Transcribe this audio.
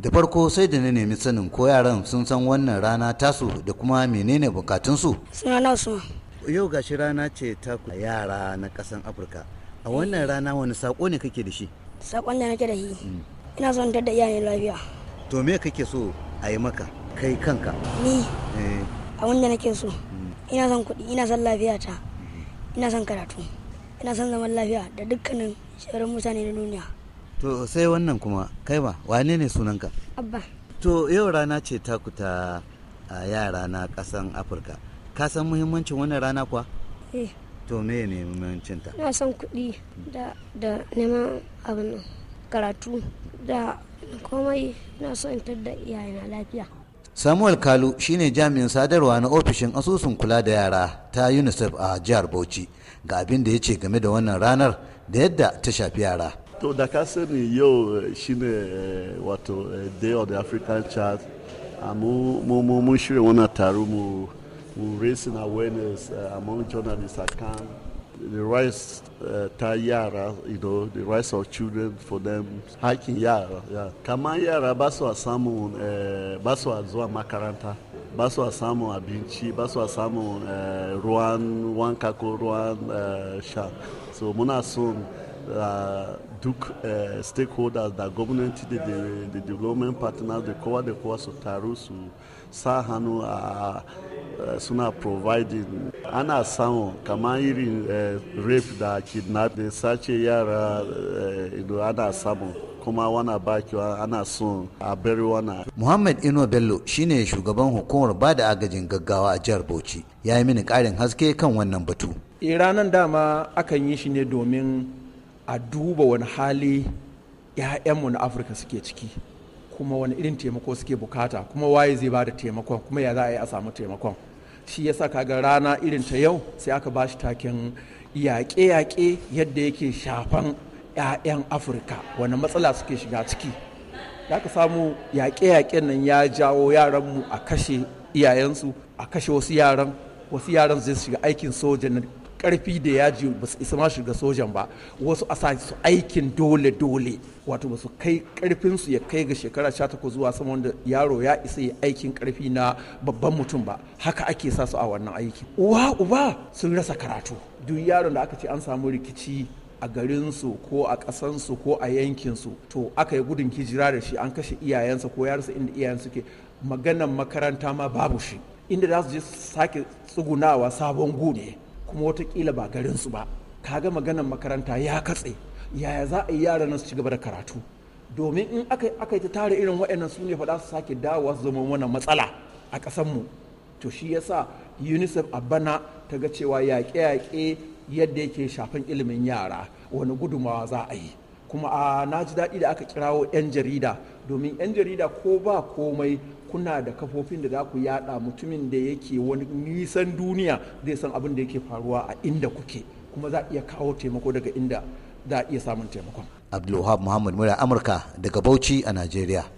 da farko sai da na nemi sanin ko yaran sun san wannan rana tasu da kuma menene bukatunsu sunana su yau gashi rana ce ta yara na kasan afirka a wannan rana wani sako ne kake da shi sakon da nake da shi mm. ina son da iyaye lafiya to me kake so a yi maka kai kanka ni eh. a wanda nake so mm. ina son kuɗi ina son lafiya ta mm. ina son karatu ina son zaman lafiya da dukkanin shirin mutane na duniya to sai wannan kuma kai ba wane ne sunanka abba to yau rana ce taku ta yara na kasan afirka ka san muhimmancin wannan rana kuwa eh to me ne muhimmancin ta na san kuɗi da da neman abin karatu da komai na so in da iyayena lafiya samuel kalu shine jami'in sadarwa na ofishin asusun kula da yara ta unicef a jihar bauchi ga abin da ya ce game da wannan ranar da yadda ta shafi yara to da ka sani yau eh, shine eh, wato eh, day of the african chart ah, mu mun shirya wannan taro mu raising awareness among journalists can, the rights uh, ta yara you know the rights of children for them hakin yara yeah. kamar yara ba su samun uh, ba su zuwa makaranta ba su samun abinci ba su samun ruwan wanka ko ruwan sha so muna son uh, duk uh, stakeholders da gwamnati da the development partners da kowa da kowa su taru su sa hannu a uh, uh, suna providing ana samun kamar irin uh, rape da kidnap da sace yara ana samun kuma wana baki ana son a bari wana. Muhammad Ino Bello shine shugaban hukumar ba da agajin gaggawa a jihar Bauchi ya yi mini karin haske kan wannan batu. Eh, ranar dama akan yi shi ne domin a duba wani hali 'ya'yanmu na afirka suke ciki kuma wani irin taimako suke bukata kuma waye zai ba da taimakon kuma ya za a yi a samu taimakon shi yasa kaga rana irin ta yau sai aka ba shi taken yaƙe-yaƙe yadda yake shafan 'ya'yan afirka wani matsala suke shiga ciki ya ka samu yaƙe-yaƙen nan ya jawo yaranmu a kashe iyayensu a kashe wasu yaran wasu yaran zai shiga aikin soja karfi da yaji ba su isa ma shiga sojan ba wasu a su aikin dole dole wato ba su kai karfin su ya kai ga shekara sha takwas zuwa sama wanda yaro ya isa ya aikin karfi na babban mutum ba haka ake sa su a wannan aiki uwa uba sun rasa karatu duk yaron da aka ce an samu rikici a garinsu ko a su ko a yankin su to aka yi gudun hijira da shi an kashe iyayensa ko ya rasa inda iyayen suke maganan makaranta ma babu shi inda za su je sake tsugunawa sabon gune kuma watakila ba su ba ka ga maganan makaranta ya katse yaya za a yi yaran su ci gaba da karatu domin in aka yi ta tare irin waɗannan su ne faɗa su sake dawowa su zama mana matsala a mu to shi yasa unicef a bana ta ga cewa yaƙe-yaƙe yadda yake shafin ilimin yara wani gudumawa za a yi kuma a na ji daɗi da aka kirawo 'yan jarida domin 'yan jarida ko ba komai kuna da kafofin da za ku yada mutumin da yake wani nisan duniya zai san abin da yake faruwa a inda kuke kuma za iya kawo taimako daga inda za iya samun taimakon abdulwahab muhammad mura amurka daga bauchi a najeriya